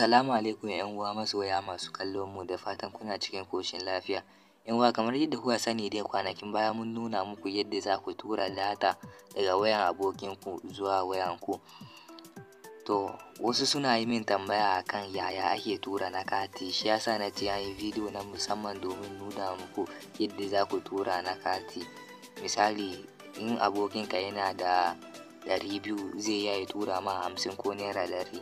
Assalamu alaikum ‘yan uwa masoya masu kallon mu da fatan kuna cikin koshin lafiya. ‘Yan uwa kamar yadda kuka sani dai kwanakin baya mun nuna muku yadda za ku tura data daga wayan abokinku zuwa wayan ku. To wasu suna yi min tambaya akan yaya ake tura na kati shi yasa na ce an yi bidiyo na musamman domin nuna muku yadda za ku tura na kati. Misali in abokinka yana da ɗari biyu zai iya tura ma hamsin ko naira ɗari.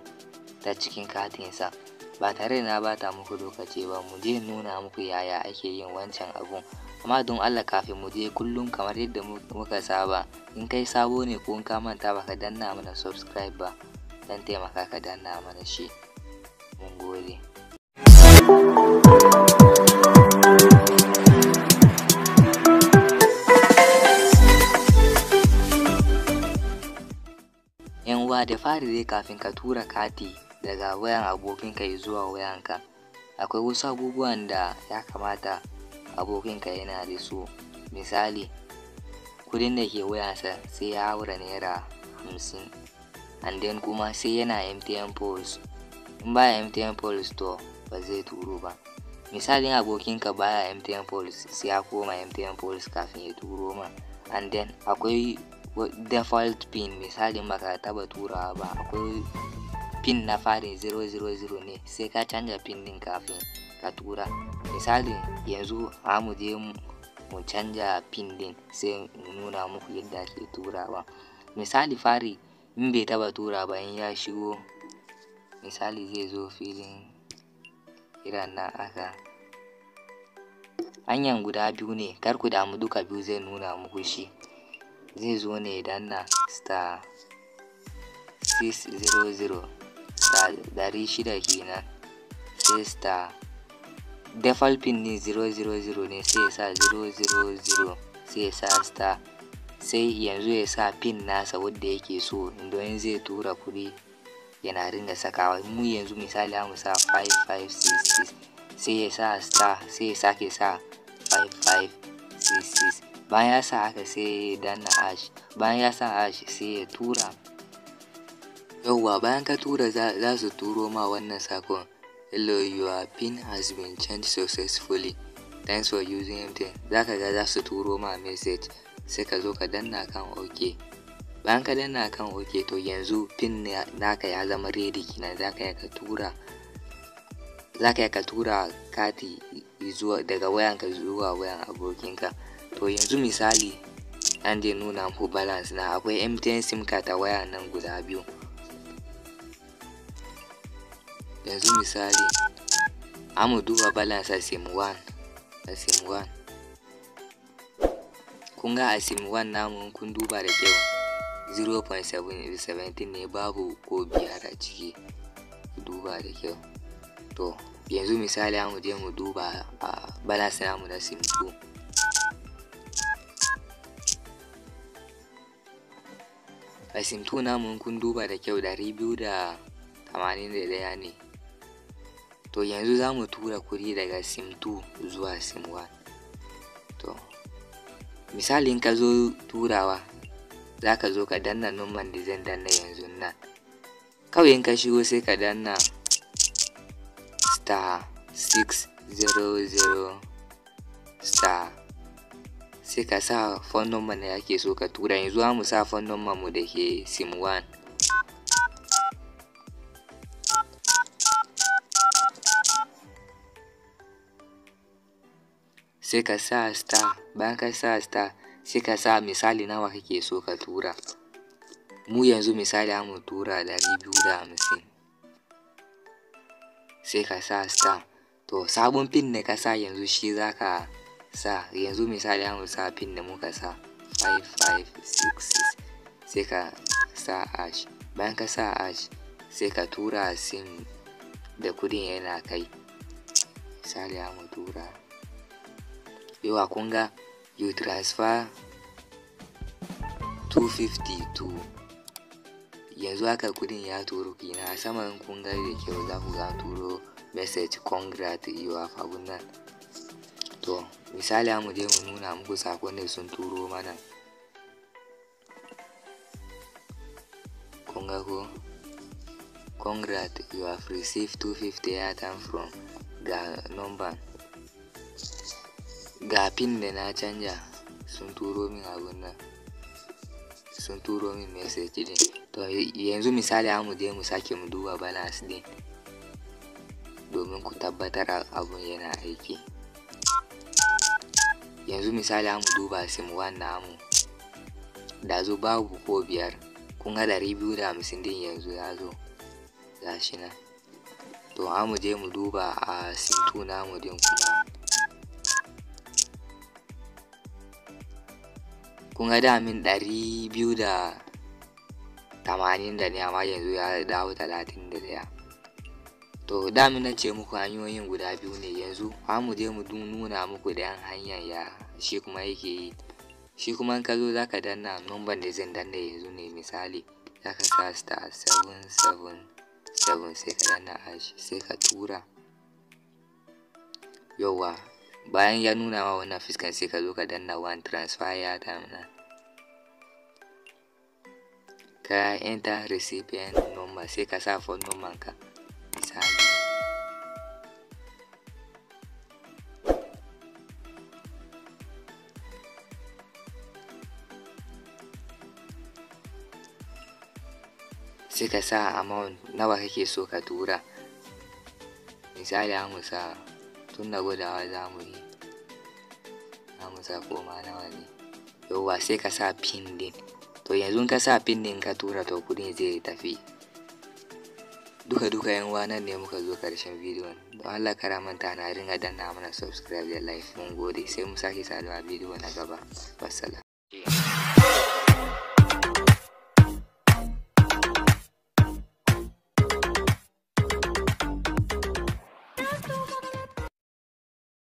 ta cikin katinsa ba tare da na bata muku lokaci ba mu je nuna muku yaya ake yin wancan abun amma don Allah kafin mu je kullum kamar yadda muka saba in kai sabo ne ko in ka manta baka danna mana subscribe ba dan taimaka ka danna mana shi mun gode da fari dai kafin ka tura kati daga wayan abokinka zuwa wayanka akwai wasu abubuwan da ya kamata abokinka yana da su misali kudin da ke wayansa sai ya haura naira hamsin and then kuma sai yana mtn poles in baya mtn poles to ba zai turo ba misalin abokinka baya mtn poles sai ya koma mtn poles kafin ya turo ma and then akwai default pin misalin baka taba turawa ba akwai pin na fari 000 ne sai ka canja pin din kafin ka tura misali yanzu a mu je mu canja pin din sai mu nuna muku yadda ake turawa misali fari in bai taba tura ba in ya shigo misali zai zo filin kiran na aka hanyar guda biyu ne kar ku damu duka biyu zai nuna muku shi zai zo ne danna star 600 ɗari shida kenan sai star default pin ne 000 ne sai ya sa 000 sai ya sa star sai yanzu ya sa pin nasa wadda yake so don zai tura kuɗi yana ringa sakawa mu yanzu misali mu sa 5566 sai ya sa star sai ya sake sa 5566 bayan ya sa haka sai ya danna ash bayan ya sa ash sai ya tura yauwa bayan ka tura za su turo ma wannan sakon hello your pin has been changed successfully thanks for using mtn za ka ga za su turo ma message sai ka zo ka danna kan ok bayan ka danna kan ok to yanzu pin naka ya zama ready kina za ka ka tura za ka ka tura kati zuwa daga wayanka zuwa wayan abokinka to yanzu misali an je nuna muku balance na akwai mtn sim card a waya nan guda biyu yanzu misali amu duba balance a sim 1 a sim 1 kun ga a sim 1 namu kun duba da kyau 0.17 ne babu ko biyar a ciki duba da kyau to yanzu misali mu je mu duba a balance namu na sim 2 a sim 2 namun kun duba da kyau 281 ne to yanzu za mu tura kuri daga sim 2 zuwa sim 1 to misali in ka zo turawa za ka zo ka danna numan da zan danna yanzu nan kawai in ka shigo sai ka danna star 600 star sai ka sa phone number da yake so ka tura yanzu za mu sa phone number mu da ke sim 1 sai ka sa star bayan ka sa star sai ka sa misali nawa kake so ka tura mu yanzu misali mu tura da biyu da hamsin sai ka sa star to sabon pin ne ka sa yanzu shi za ka sa yanzu misali mu sa pin da muka sa 5566 sai ka sa ash bayan ka sa ash sai ka tura sim da kudin yana kai misali mu tura yawa kun ga you transfer 252 yanzu haka kudin ya turo kina saman kunga da kyau za ku ga turo message congrat yawa abun nan to misali mu je mu nuna muku sakon da sun turo mana kunga ko congrat you have received 250 airtime from ga number ga pin da na canja sun turo min abun nan sun turo min message din to yanzu misali mu je mu sake mu duba balance din domin ku tabbatar abun yana aiki yanzu misali mu duba sim 1 namu da zo babu ko biyar kun ga ɗari biyu da hamsin din yanzu ya zo gashi nan to mu je mu duba a sim 2 namu din kuma kun ga da ɗari biyu da tamanin da ne amma yanzu ya dawo talatin da ɗaya to da min na ce muku hanyoyin guda biyu ne yanzu ha mu je mu nuna muku ɗayan hanyar ya shi kuma yake yi shi kuma in ka zo za ka danna numban da zan danna yanzu ne misali za ka sa star seven sai ka danna ash sai ka tura yauwa bayan ya nuna ma wannan fuskan sai ka zo ka danna one transfer ya tamna ka enter recipient number sai ka sa phone number ka misali sai ka sa amount nawa kake so ka tura misali mu sa tun da gudawa za mu yi sako ma nawa ne yauwa sai ka sa pin to yanzu ka sa pin ka tura to kudin zai tafi duka duka yan nan ne muka zo karshen bidiyon don Allah kara manta na ringa danna mana subscribe da like mun gode sai mu sake saduwa bidiyo na gaba wassalam